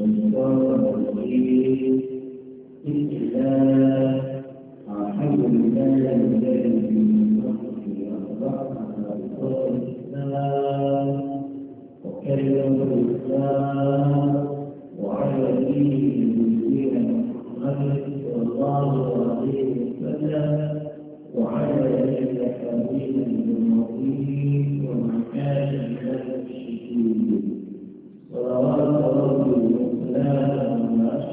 الشيطان الرجيم بسم الله الحمد لله الذي بنصره أصبحنا بصوت الإسلام وكلم الإسلام وعلى دينه نبينا محمد صلى الله عليه وسلم وعلى آله الحبيب المعظيم ومن كان من المشركين صلوات ربه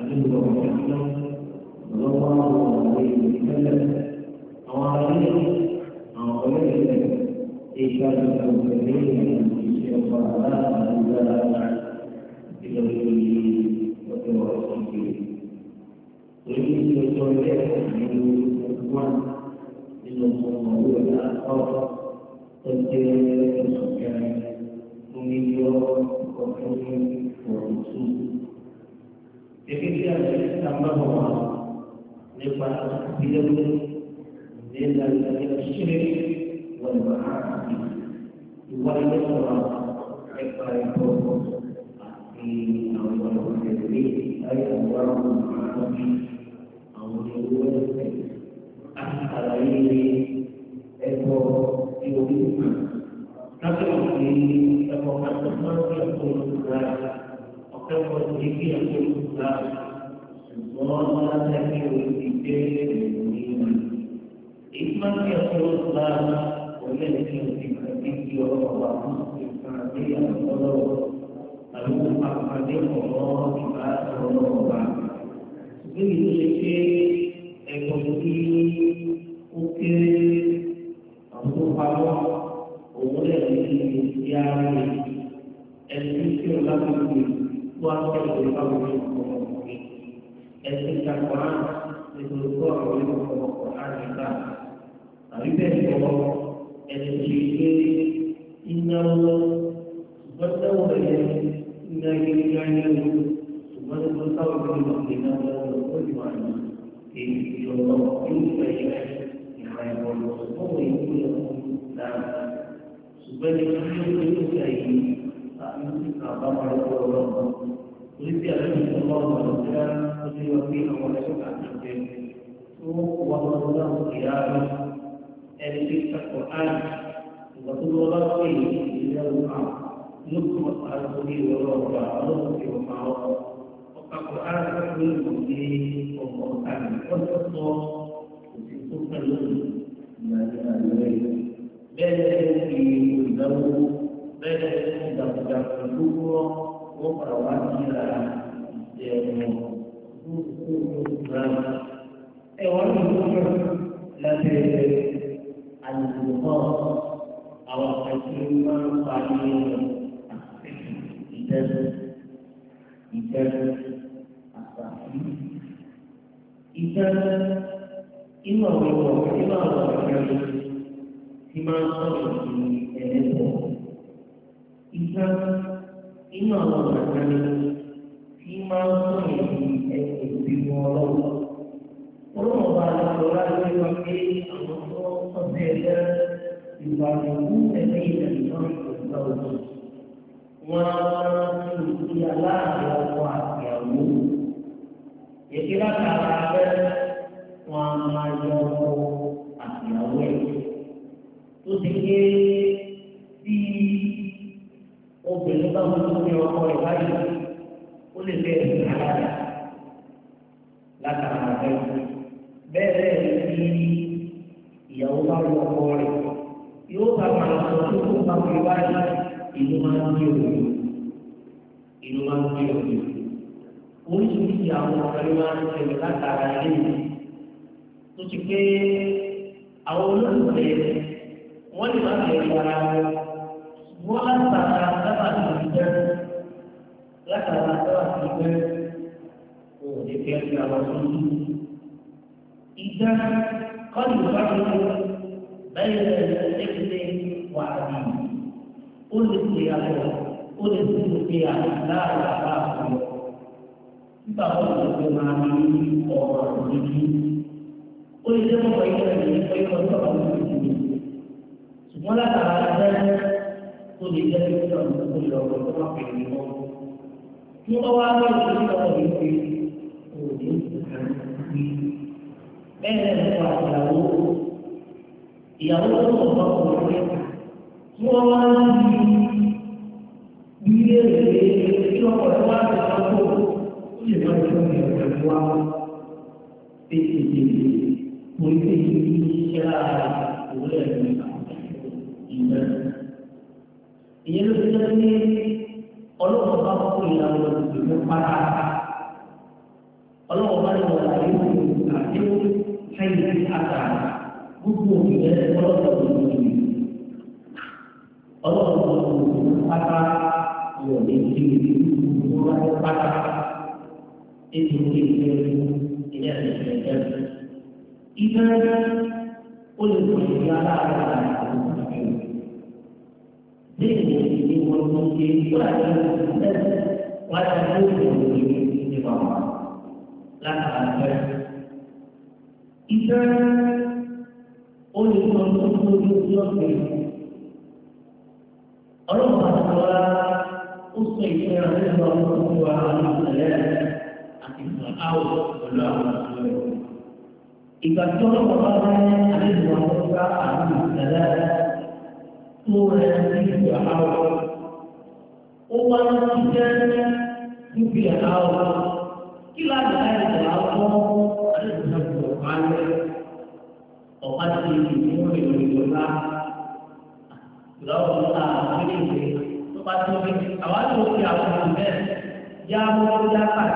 النبي محمد صلى الله عليه وسلم أوامره أوامره إيجاد المسلمين يشرف على الله برسوله وتوحيده ويجب التوبة من الإخوان من الموضوع الآخر تبديل السكان ومن يوم وحزن tambah orang ni pada bila tu ni dari dari sini dan berhati buat ini orang ekpa itu di nama orang ini ada orang berhati awal itu ada ini ekpo itu tapi ini ekpo tidak Kemudian dia pun وما تكيو الدين المؤمنين إثمان يقول الله ويلكي في حديث الله سبحانه وتعالى أبو محمد الله سبحانه وتعالى memori supaya kita boleh cari apa yang Allah berikan kepada kita di dalam Al-Quran dan di dalam Al-Quran itu Allah berfirman dan di dalam Al-Quran Al-Quran itu berfirman dan di dalam Al-Quran itu berfirman ìlànà ìwé bẹ́ẹ̀ ni fi ìdánwò bẹ́ẹ̀ ni ìdàkúdàkú lówó wọ́n padà wá síra ìjẹun rárá inú àwọn ọmọ nínú àwọn àgbàdo ti máa ń sọ̀rọ̀ sí ẹ̀ẹ́dẹ̀gbọ̀. Ìgbà inú àwọn àgbàdo ti máa ń sọ̀rọ̀ sí ẹ̀ẹ́dẹ̀gbọ̀ bí wọ́n lọ́wọ́. Olóòwò bá a lọ láti wá pé àwọn tó ọ̀sẹ̀ ẹ̀dá ìgbà ìlú ẹ̀mí ìdàgbà ìgbà òjò. Wọ́n á tún ìdíyà láàrin ọkọ àti àwọn. Èkìlá kàrà abẹ́rẹ́ wọn máa yọ ọkọ àtìyàwó ẹ̀ tó ti ké bí obìnrin bá wọn tó ní ọkọ ẹ̀ báyìí ó lè bẹ ẹ̀sìn alága látara rẹ̀ bẹ́ẹ̀ bẹ́ẹ̀ ni ìyàwó bá wọ ọkọ rẹ̀ yóò bá wọn sọ tó kó bá wọn wáyé ìlú máa ń bí òye ìlú máa ń bí òye oríṣiríṣi àwọn ọ̀rẹ́ máa ń tẹ̀lé látara ilé yìí. tó ti pé àwọn olólùfẹ́ wọ́n lè má lè yára wọ́n látara sábà tó ti jẹ́ látara sábà tó ti jẹ́ kò lè fi àwọn tó tó máa ní ọ̀rọ̀ ìdíjú ó lè dé mọ̀kọ́ yìí lẹ́nu yìí pé ọdún bàbá mi ti ti yìí. ṣùgbọ́n látara ẹgbẹ́ tó lè jẹ́ kí ọ̀nà tó lọ ọ̀rọ̀ tó wà pẹ̀lú ìwọ. tí wọ́n wá lọ sí ọ̀rọ̀ yìí pé òde ìgbàlódé bẹ́ẹ̀ lẹ́nu àgbàwó ìyàwó tó ń bọ̀ ọ̀rọ̀ tí wọ́n wá lọ sí ilé rẹ̀ tí ọkọ̀ tó wà pẹ̀lú ọkọ̀ ó lè má ìfọ̀nìyàn pẹ̀lú wa pé èdè ìdè mo ní kéde ní iṣẹ́ lára òun lẹ́nu ìgbẹ́. ìyẹn ló ti jẹ́ pé ọlọ́run bá kó ìlànà ìlú pátá ọlọ́run bá lọ àyè òun àti ṣẹ́yìn sí àgbà gbogbo ìgbẹ́ ọlọ́run tó ń bọ̀ ọlọ́run tó ń bọ̀ pátá wọ̀ ibadah untuk menjalankan dengan ini mungkin pelajaran dan pelajaran yang lebih dewasa. Lantaran kita oleh untuk menjadi orang bahawa usai kita dalam dua hari ini akan tahu Allah Subhanahu Ikan cokok pertamanya ada dua muka abu dalam Tuhan tiga awal Umar tiga tiga awal Kila saya terlalu ada dua muka kaya Opat di sini menjadi dua Kalau kita ini Tepat ini awal itu siapa yang mau dapat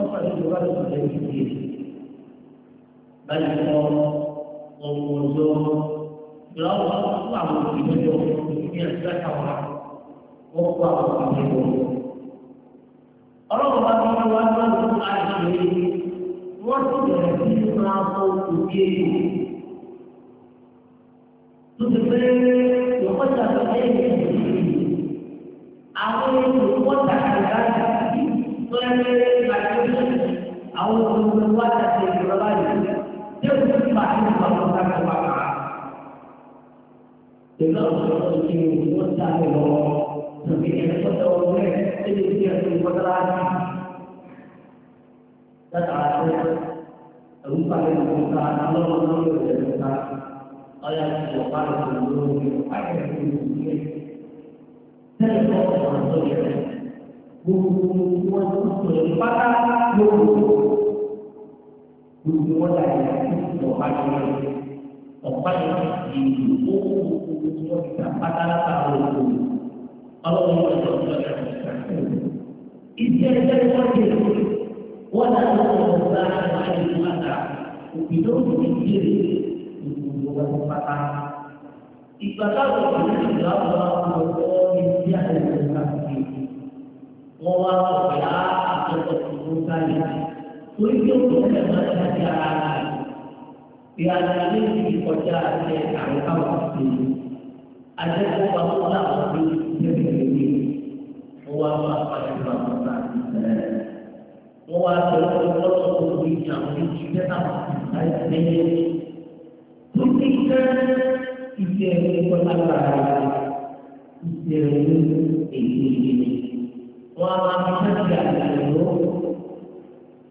Tepat itu juga sudah jadi sendiri báyìí kọ́ ọ̀pọ̀ ọjọ́ ìrọ̀lọ́ fún àwọn òṣìṣẹ́ yọ ní ẹ̀sẹ̀ àwa wọ́n kọ́ àwọn òṣìṣẹ́ yọ. ọlọ́run bá ti wá wá lọ́dún àìsè wọ́n ti bẹ̀rẹ̀ sí ní máa kó òkè tó ti pé ìwọ́jà tó ẹ̀ ẹ̀ àwọn olùwọ́jà kàdá tó ẹ̀ ìgbà tó ẹ̀ àwọn olùwọ́jà tó ẹ̀ ìrọ̀lá yìí. phải là họ chúng ta phải bảo đảm từ đó chúng tôi chịu muốn ra về bộ thực hiện cái tôi nghe cái điều kiện từ quân ta ta đã ứng phải là chúng ta đã lâu lâu rồi để chúng ta ở đây chúng ta là chúng tôi phải là chúng tôi thế là tôi là tôi buồn buồn buồn buồn buồn buồn buồn buồn buồn ดูโมไดนตัวไปเลยออกไปยืนอยู่ผู้ผู้ผู้ที่จะพัฒนาตัวเองอารมณ์มันจะเกิดอะไรขึ้นอีกเช่นเดียวกันว่าเราต้องทำอะไรบ้างที่มันจะอุปถัมภ์ที่จริงดูโมไดพัฒนาอีกประการหนึ่งที่เราต้องทำก็คือการเรียนรู้ที่มีความ ujung-ujungnya berjalan biar lagi dipocah ke kawasan waktu ada sebuah orang waktu ini Allah pada Ramadan Allah berkata untuk bincang di kita saya sendiri Kutikkan kita ini berlaku kita ini ini Allah mengatakan kita ini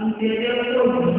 intendeu que eu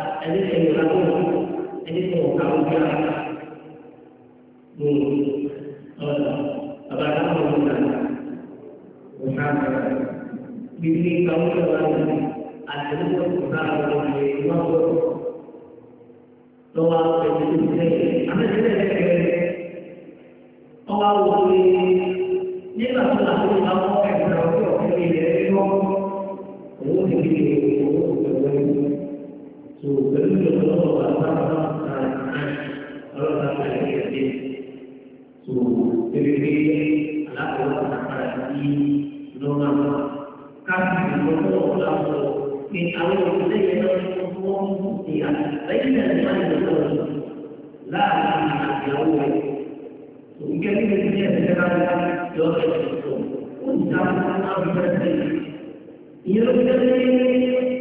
อันนี้เป็นระดับอันนี้ถูกต้องแล้วมีเอ่อระดับของมันนะครับวิธีการที่เราจะทำอันนี้ก็คือการทำให้มันรู้ตัวว่าเป็นยังไงอันนี้เป็นเรื่องของเราเองนี่เราจะทำให้เราเข้าใจเราเข้าใจเรื่องของผู้ที่ผู้ที่主人就是说把他们放在哪里，而他们在哪里，主对于你，那我们哪块是一，那么刚才你说过了说，你阿弥陀佛这些东西都是空的啊，谁能在那里做的主？那他们哪条路？主跟那个世界之间那个有什么关系？问他们，他们在哪里？你要跟那些。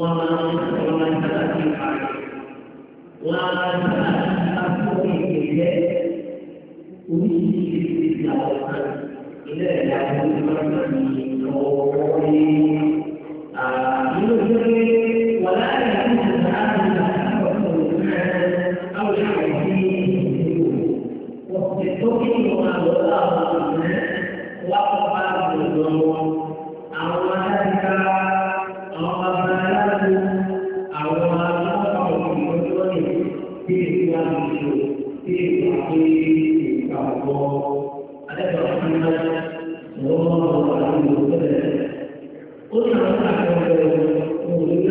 ومن ومن تبعهم عليه ومن تبعهم إليه ويجي إلى إلى يعلم من ولا يكون هذا أو يعطيه وفي التوكل وما وقع من وقع من محمد صلى الله عليه وسلم قلنا ونحن نقول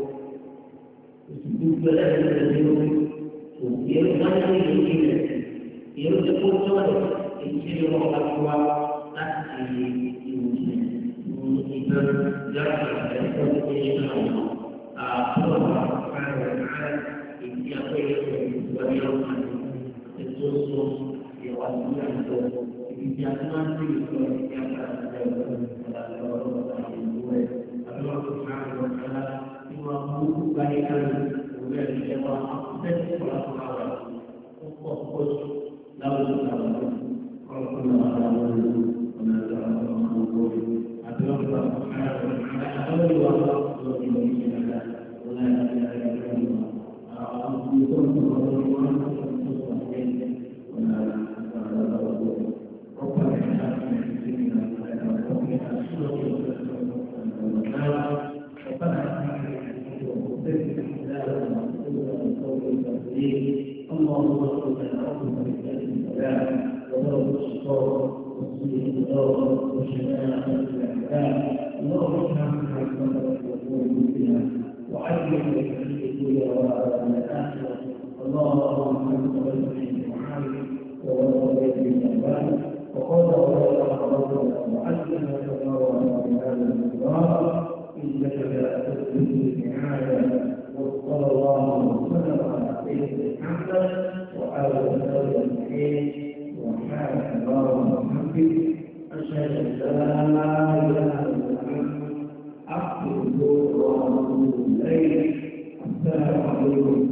Juga dari Tuhan Dia mengatakan yang ingin Dia mengatakan Tuhan Dia mengatakan Tuhan Dia mengatakan Tuhan Dia mengatakan Tuhan Dia mengatakan Tuhan Dia mengatakan Tuhan Dia mengatakan Tuhan Dia mengatakan Tuhan Jadi, semua yang ada di dalam diri kita, kita harus berusaha untuk mengubahnya. Kita harus berusaha untuk mengubahnya. Kita harus berusaha untuk mengubahnya. Kita harus berusaha untuk mengubahnya. Kita harus berusaha untuk mengubahnya. Kita harus berusaha untuk mengubahnya. Kita harus berusaha untuk mengubahnya. Kita harus berusaha untuk mengubahnya. Kita harus berusaha untuk mengubahnya. Kita harus berusaha untuk mengubahnya. Kita harus berusaha untuk mengubahnya. Kita harus berusaha untuk mengubahnya. Kita harus berusaha untuk mengubahnya. Kita harus berusaha untuk mengubahnya. Kita harus berusaha untuk mengubahnya. Kita harus berusaha untuk mengubahnya. Kita harus berusaha untuk mengubahnya. Kita harus berusaha untuk mengubahnya. Kita harus berusaha untuk mengubahnya. Kita har Thank you. اللهم انت ولي محمد ووصل به الجبال وقال ولا تحرمك وعلم تدارك بهذا الاسرار انك لا وصلى الله وسلم على سيدنا محمد وعلى اله اجمعين سبحانك اللهم وبحمدك اشهد ان لا اله الا انت احمد الله ورسوله اليك السلام عليكم